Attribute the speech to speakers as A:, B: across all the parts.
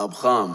A: أضخام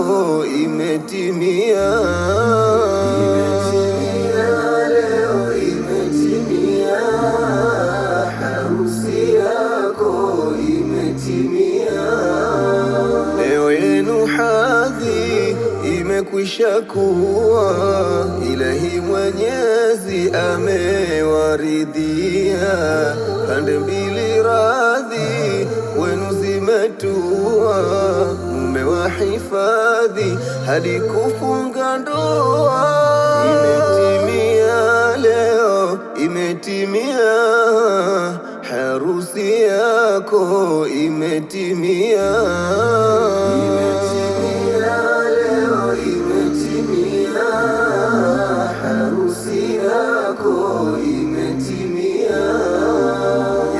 A: imetimia, yenu hadhi imekwisha kuwa, Ilahi Mwenyezi amewaridhia, pande mbili radhi wenu zimetua hifadhi hadi kufunga ndoa. Imetimia leo, imetimia harusi yako imetimia.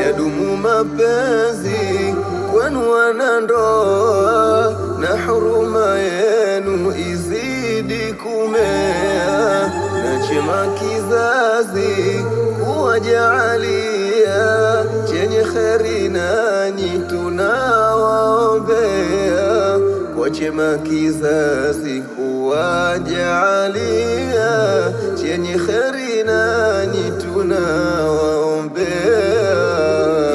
A: Yadumu mapenzi kwenu wanandoa kizidi kumea, na chema kizazi kuwajalia chenye kheri, nanyi tunawaombea kwa chema kizazi kuwajalia chenye kheri, nanyi tunawaombea.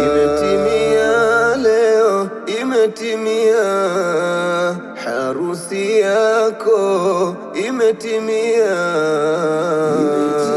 A: Imetimia leo, imetimia harusi yako imetimia,
B: imetimia.